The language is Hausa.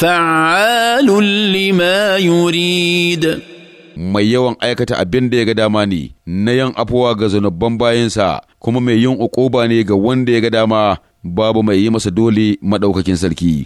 فعال لما يريد mai yawan aikata abin da ya ga dama ne na yan afuwa ga zanubban bayansa kuma mai yin uƙuba ne ga wanda ya ga dama babu mai yi masa dole madaukakin sarki